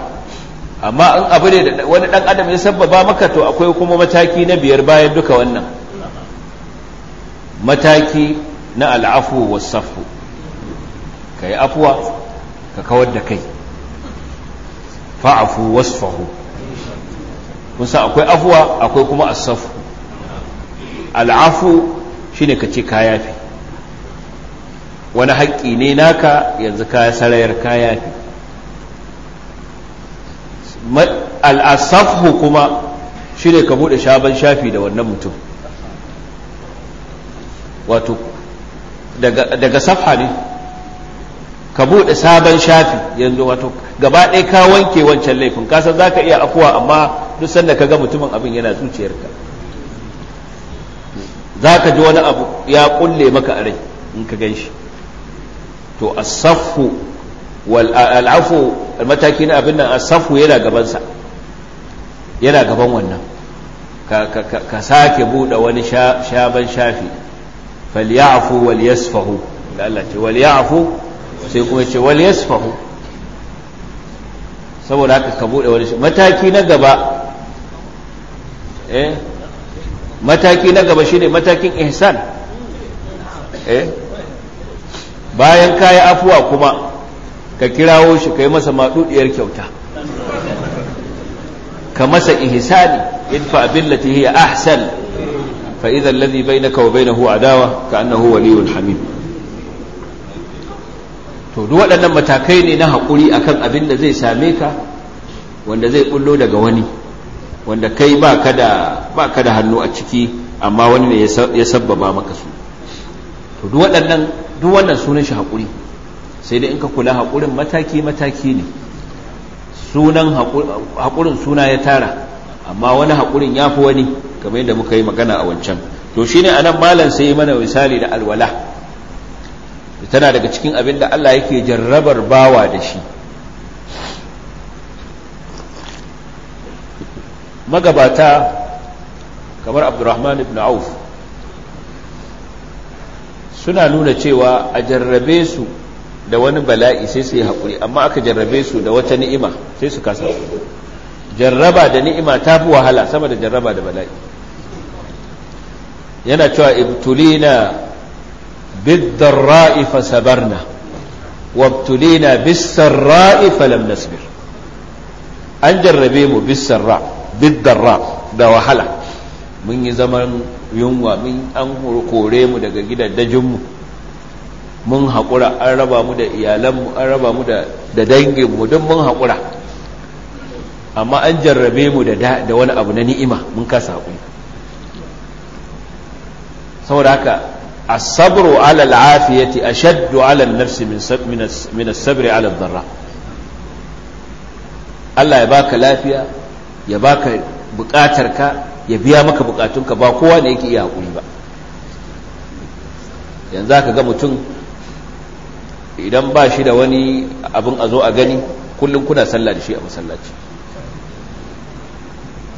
amma in abu ne da wani dan adam ya sabbaba maka to akwai kuma mataki na biyar bayan duka wannan mataki na al'afu wasafu ka yi afuwa ka kawar da kai fa'afu wasfahu kun akwai afuwa akwai kuma asafu al'afu shine ka ce ka yafi wani haƙƙi ne naka yanzu ka sarayar kaya al'asafu kuma shi ne ka buɗe shaban shafi da wannan mutum wato daga safha ne ka buɗe sabon shafi yanzu wato gaba ɗaya ka wanke wancan laifin kasan za ka iya afuwa amma duk sanda ka ga mutumin abin yana zuciyarka za ka ji wani abu ya ƙulle maka a rai in ka gan shi to asafu wal al'afu mataki na abin nan asafu yana gabansa yana gaban wannan ka ka sake buɗe wani shaban shafi falyafu wal yasfahu da Allah ce wal yafu sai kuma ce wal yasfahu saboda haka ka buɗe wani mataki na gaba eh mataki na gaba shine matakin ihsan eh bayan kayi afuwa kuma ka kirawo shi kai masa maɗuɗiyar kyauta ka masa in idfa billati hiya ahsan fa idha alladhi bainaka wa bainahu adawa ka annahu waliyyun hamim to duk waɗannan matakai ne na haƙuri akan abin da zai same ka wanda zai bullo daga wani wanda kai ba ka da hannu a ciki amma wani ne ya sabbaba maka su to duk waɗannan duk wannan sunan shi haƙuri sai dai in ka kula haƙurin mataki-mataki ne sunan haƙurin suna ya tara amma wani haƙurin ya fi wani kamar yadda muka yi magana a wancan to shi ne a nan malam sai mana misali da alwala tana daga cikin abin da allah yake jarrabar bawa da shi magabata kamar abdurrahman ibn auf suna nuna cewa a jarrabe su da wani bala'i sai su yi haƙuri amma aka jarrabe su da wata ni'ima sai su kasa jarraba da ni'ima ta fi wahala sama da jarraba da bala'i yana cewa ibtulina bid-dharra'i fa sabarna wa ibtulina bis fa lam nasbir an jarrabe mu bis-sarra da wahala mun yi zaman yunwa mun an kore mu daga gidajenmu mun haƙura an raba mu da iyalanmu an raba mu da danginmu don mun haƙura amma an jarrabe mu da wani abu na ni'ima mun kasa haƙuri saboda haka asabru ala al'afiyati ashaddu ala an-nafsi min as-sabri ala ad-dharra Allah ya baka lafiya ya baka bukatarka ya biya maka bukatunka ba kowa ne yake iya haƙuri ba yanzu aka ga mutum idan ba shi da wani abin a zo a gani kullum kuna sallah da shi a masallaci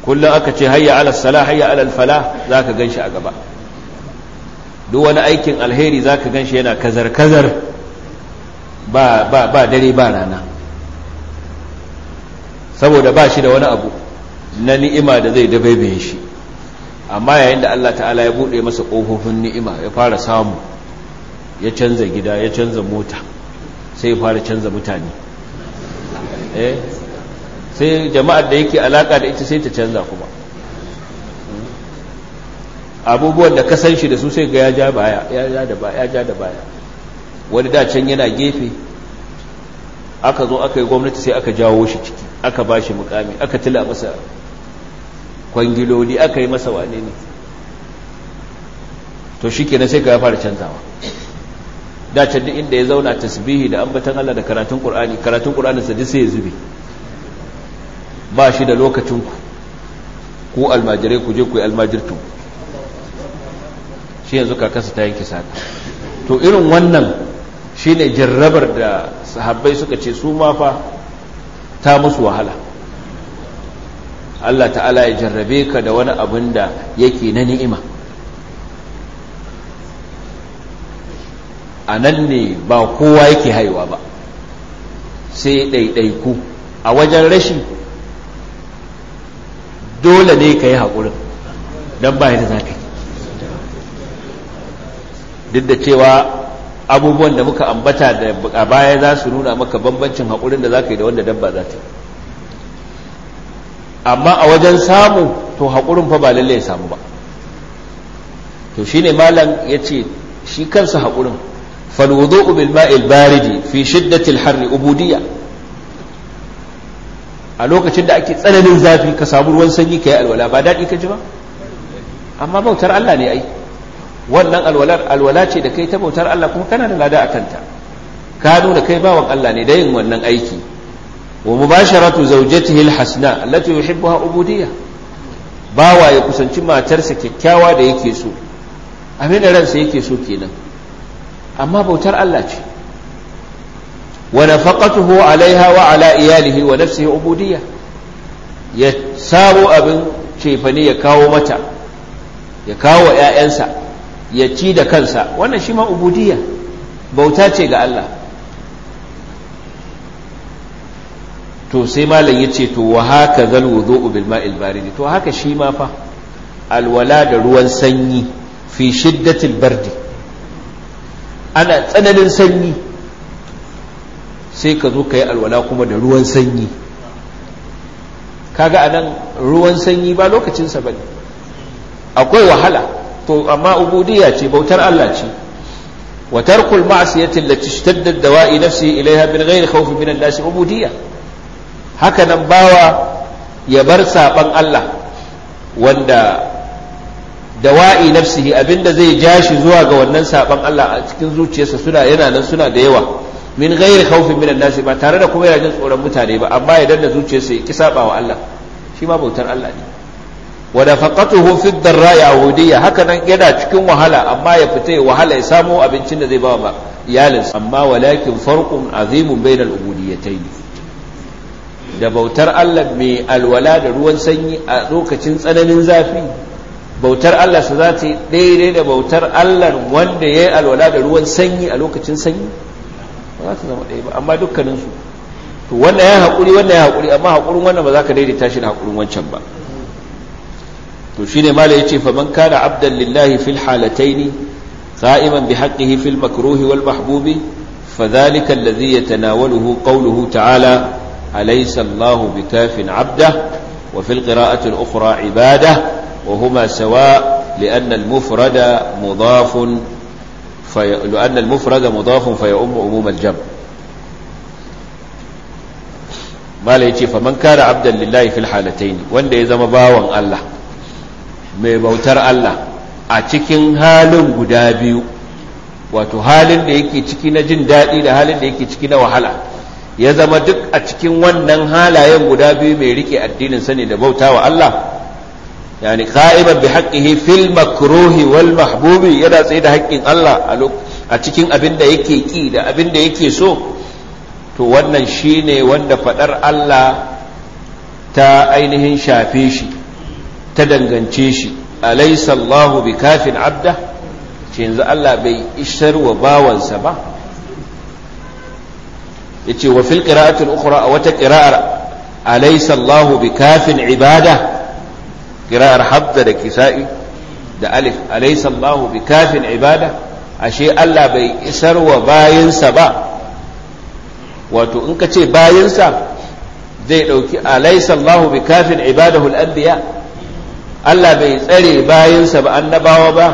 kullum aka ce hayya ala sala hayya ala fala za ka gan shi a gaba duk wani aikin alheri za ka gan shi yana kazar-kazar ba dare ba rana saboda ba shi da wani abu na ni'ima da zai dabaibaye shi amma yayin da Allah ta'ala ya buɗe masa ƙofofin ni'ima ya fara samu ya canza gida ya canza mota sai ya fara canza mutane eh? sai jama'ar da yake alaka da ita sai ta canza kuma abubuwan da san shi da su sai ga ya ja baya ya ja da baya wani da can yana gefe aka zo aka yi gwamnati sai aka jawo shi ciki aka ba shi mukami aka tila masa kwangiloli aka yi masa wane ne to shi kenan sai ka ya fara canzawa Da duk inda ya zauna tasbihi da ambatan Allah da karatun Qur'ani karatun Qur'anin sa sai ya zube ba shi da lokacin ku ku almajirai ku je ku yi almajirtu shi yanzu kakasa ta yanke sata. to irin wannan shine jarrabar da sahabbai suka ce su ma fa ta musu wahala Allah ta'ala ya jarrabe ka da wani abin da yake na ni'ima a nan ne ba kowa yake haiwa ba sai ɗaiɗaiku a wajen rashi dole ne ka yi haƙurin don ba da za ka yi duk da cewa abubuwan da muka ambata da a baya za su nuna maka bambancin haƙurin da za ka yi da wanda dabba za ta yi amma a wajen samu to haƙurin fa ba lallai ya samu ba to shine malam ya ce shi kansa haƙurin falwudu bil ma'il baridi fi shiddatil harri ubudiyya a lokacin da ake tsananin zafi ka samu ruwan sanyi ka yi alwala ba daɗi ka ji ba amma bautar Allah ne ai wannan alwalar alwala ce da kai ta bautar Allah kuma kana da lada a kanta ka nuna kai bawan Allah ne da yin wannan aiki wa mubasharatu zawjatihi alhasna allati yuhibbuha ubudiyya bawa ya kusanci matarsa kyakkyawa da yake so abin da ransa yake so kenan amma bautar Allah ce wa nafaqatuhu alaiha wa ala iyalihi wa nafsihi ubudiyya ya sabo abin cefane ya kawo mata ya kawo wa 'ya'yansa ya ci da kansa wannan shi ma ubudiyya bauta ce ga Allah to sai malam ya ce to wa haka zal wudu'u bil ma'il baridi to haka shi ma fa alwala da ruwan sanyi fi shiddatil bardi ana tsananin sanyi sai ka zo ka yi alwala kuma da ruwan sanyi kaga anan ruwan sanyi ba lokacinsa ba ne akwai wahala to amma ubudiyya ce bautar Allah ce wa tarkul ma'siyati allati ishtadda dawa'i nafsi ilaiha bin ghairi khawfin min an-nas ubudiyya haka nan bawa ya bar saɓan Allah wanda dawa'i nafsihi abinda zai ja shi zuwa ga wannan saɓan Allah a cikin zuciyarsa suna yana nan suna da yawa min gairi khawfin minan nasi ba tare da kuma yana jin tsoron mutane ba amma ya danna zuciyarsa ya ki saba Allah shi ma bautar Allah ne wa nafaqatuhu fi ad-darra yahudiyya hakanan yana cikin wahala amma ya fita ya wahala ya samo abincin da zai ba iyalinsa amma walakin farqun azimun bainal ubudiyyatayn da bautar Allah mai alwala da ruwan sanyi a lokacin tsananin zafi bautar Allah su za ta yi daidai da bautar Allah wanda ya yi alwala da ruwan sanyi a lokacin sanyi ba za ta zama ɗaya ba amma dukkaninsu to wannan ya haƙuri wannan ya haƙuri amma haƙurin wannan ba za ka daidaita shi da haƙurin wancan ba to shine mala yace fa man kana abdan lillahi fil halataini qa'iman bi haqqihi fil makruhi wal mahbubi فذلك الذي يتناوله قوله ta'ala. أليس الله بكاف عبده وفي القراءة الأخرى عباده وهما سواء لأن المفرد مضاف في لأن المفرد مضاف فيؤم عموم الجمع ما ليتي فمن كان عبدا لله في الحالتين وان إذا مباوا الله mai bautar Allah a cikin halin guda biyu wato halin da yake ciki na jin daɗi da halin da yake ciki na wahala ya zama duk a cikin wannan halayen guda biyu mai rike addinin sani da bauta wa Allah yani qa'iman bi haqqihi fil makruhi wal mahbubi yana tsaye da haƙƙin Allah a cikin abin da yake ki da abin da yake so to wannan shine wanda fadar Allah ta ainihin shafe shi ta dangance shi alaysa Allahu bikafin abda yanzu Allah bai isar wa bawansa ba yace wa fil qira'ati al-ukhra wata qira'ar alaysa Allahu bikafin ibada qira'ar habda da kisa'i da alif alaysa Allahu bikafin ibada ashe Allah bai isar wa bayinsa ba wato in ka ce bayinsa zai dauki alaysa Allahu bikafin ibadahu al-anbiya Allah bai tsare bayinsa ba annabawa ba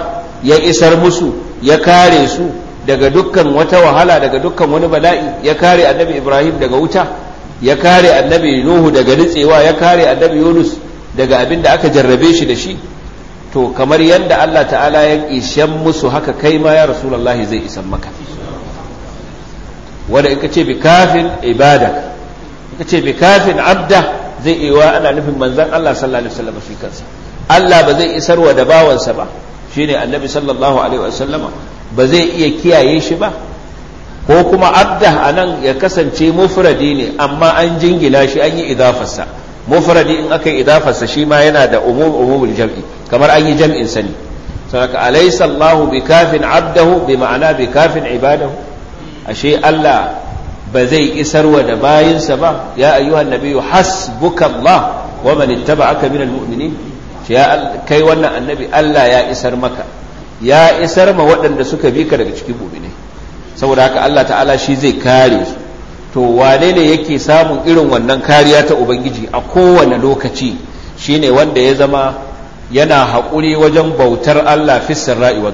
ya isar musu ya kare su daga dukkan wata wahala daga dukkan wani bala'i ya kare annabi ibrahim daga wuta ya kare annabi nuhu daga nutsewa ya kare annabi yunus daga abin da aka jarrabe shi da shi to kamar yadda allah ta'ala ya ishen musu haka kai ma ya rasulullahi zai isan maka wanda in ka ce bikafin ibada in ka ce bikafin abda zai iya wa ana nufin manzan allah sallallahu alaihi wasallam shi kansa allah ba zai isarwa da bawansa ba shine annabi sallallahu alaihi wasallama ba zai iya kiyaye shi ba ko kuma abda anan ya kasance mufradi ne amma an jingina shi an yi idafarsa mufradi in aka yi idafarsa shi ma yana da umumul jam'i kamar an yi jam'in sani saboda alaysa Allah bi kafin abdahu bi ma'ana bi kafin ibadahu ashe Allah ba zai isarwa da bayinsa ba ya ayyuhan nabiyyu hasbuka Allah wa man ittaba'aka minal mu'minin ya kai wannan annabi Allah ya isar maka ya isar ma waɗanda suka bi ka daga cikin mu'minai saboda haka Allah ta'ala shi zai kare su to wane ne yake samun irin wannan kariya ta ubangiji a kowane lokaci shine wanda ya zama yana haƙuri wajen bautar Allah fi sirra'i wa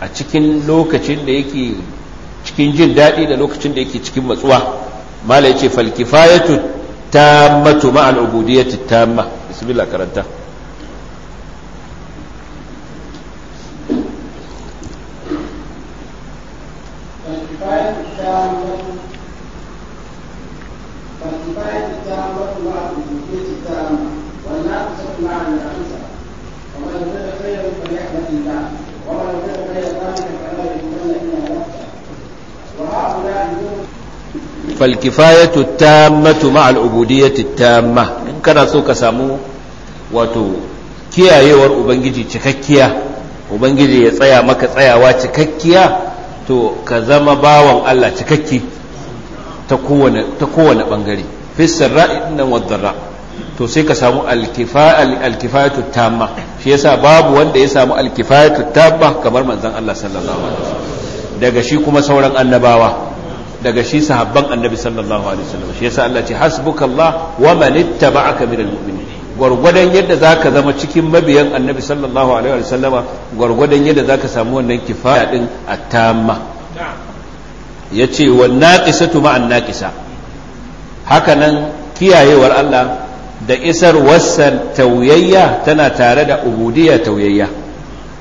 a cikin lokacin da yake cikin jin daɗi da lokacin da yake cikin matsuwa mala yace fal kifayatu tammatu ma'al ubudiyyati tamma bismillah karanta فالكفاية التامة مع العبودية التامة إن كان سوك سامو واتو كيا يور أبنجي تككيا أبنجي يصيا مكا صيا واتككيا تو ka zama bawan تككي تكون تكون kowane في السراء sirra'i nan تو سيك سامو الكفاية samu alkifayatu shi yasa babu wanda ya samu alkifayatu tabba kamar manzon Allah sallallahu alaihi wasallam daga shi kuma sauran annabawa daga shi sahabban annabi sallallahu alaihi wasallam shi yasa Allah ce hasbukallah wa man ittaba'aka minal mu'minin gwargwadon yadda zaka zama cikin mabiyan annabi sallallahu alaihi wasallama gwargwadon yadda zaka samu wannan kifaya din at-tamma yace wan naqisatu ma'an naqisa hakanan kiyayewar Allah da isar wasan tauyayya tana tare da ubudiyya tauyayya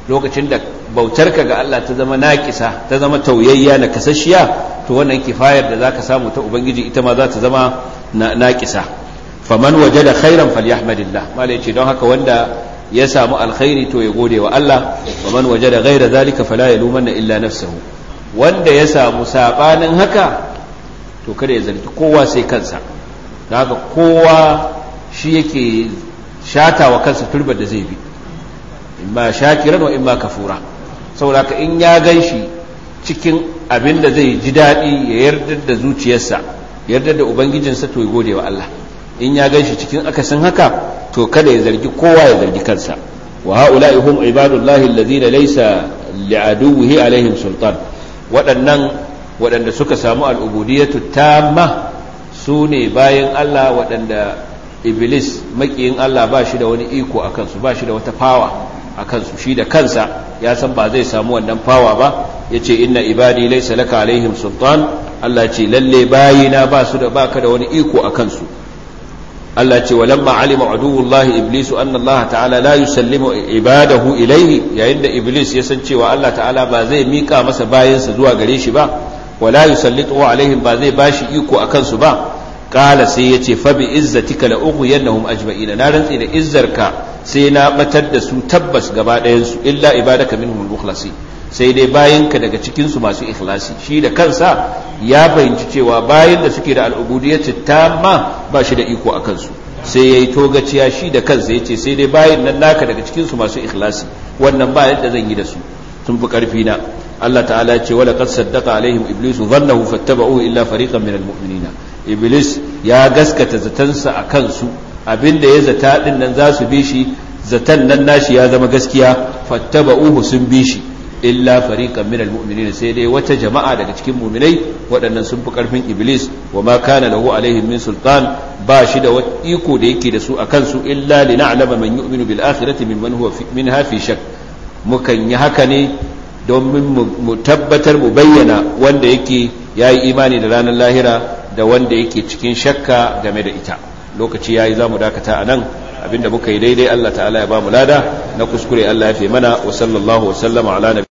lokacin da bautarka ga Allah ta zama naƙisa ta zama tauyayya na kasashiya to wannan kifayar da zaka samu ta ubangiji ita ma za ta zama naƙisa faman wajada khairan falyahmadillah malai ce don haka wanda ya samu alkhairi to ya gode wa Allah faman wajada ghaira zalika fala yalumanna illa nafsuhu wanda ya samu sabanin haka to kada ya zargi kowa sai kansa haka kowa shi yake shata wa kansa turbar da zai bi imma shakiran wa imma kafura saboda ka in ya gan shi cikin abin da zai ji daɗi ya yarda da zuciyarsa yarda da ubangijinsa to ya gode wa Allah in ya gan shi cikin akasin haka to kada ya zargi kowa ya zargi kansa wa ha'ula'i hum ibadullahi alladhina laysa li'aduwwihi alaihim sultan waɗannan waɗanda suka samu al'ubudiyatu tamma su ne bayan Allah waɗanda iblis makiyin Allah ba shi da wani iko a kansu ba shi da wata fawa a kansu shi da kansa ya san ba zai samu wannan fawa ba ya ce inna ibadi laisa salaka alaihim sultan Allah ce lalle bayina ba su da baka da wani iko a kansu Allah ce walamma alima aduwullahi iblis anna Allah ta'ala la yusallimu ibadahu ilaihi yayin da iblis ya san cewa Allah ta'ala ba zai mika masa bayansa zuwa gare shi ba wala yusallitu alaihim ba zai bashi iko a kansu ba kala sai ya ce fabi izzatika la ughwiyannahum ajma'in na rantsi da izzarka sai na batar da su tabbas gaba ɗayan su illa ibadaka minhum mukhlasi sai dai bayanka daga cikin su masu ikhlasi shi da kansa ya fahimci cewa bayan da suke da citta tamma ba shi da iko akan su sai yayi togaciya shi da kansa yace sai dai bayan nan naka daga cikin su masu ikhlasi wannan ba yadda zan yi da su sun fi karfi na Allah ta'ala ce wala qad saddaqa alaihim iblis dhannahu fattaba'u illa fariqan min almu'minina iblis ya gaskata zatansa akan abin abinda ya zata din nan za su bi shi zatan nan nashi ya zama gaskiya fattaba'uhu sun bi shi illa fariqan min almu'minina sai dai wata jama'a daga cikin mu'minai waɗannan sun fi karfin iblis wa ma kana lahu alaihim min sultan ba shi da iko da yake da su a kansu illa lina'lama man yu'minu bil akhirati mimman huwa minha fi shakk mukan yi haka ne domin mu tabbatar mu bayyana wanda yake ya yi imani da ranar lahira da wanda yake cikin shakka game da ita lokaci ya yi za mu dakata a nan abinda muka yi daidai allah ta'ala ya ba mu lada na kuskure allah ya fi mana wa sallallahu wa sallama ala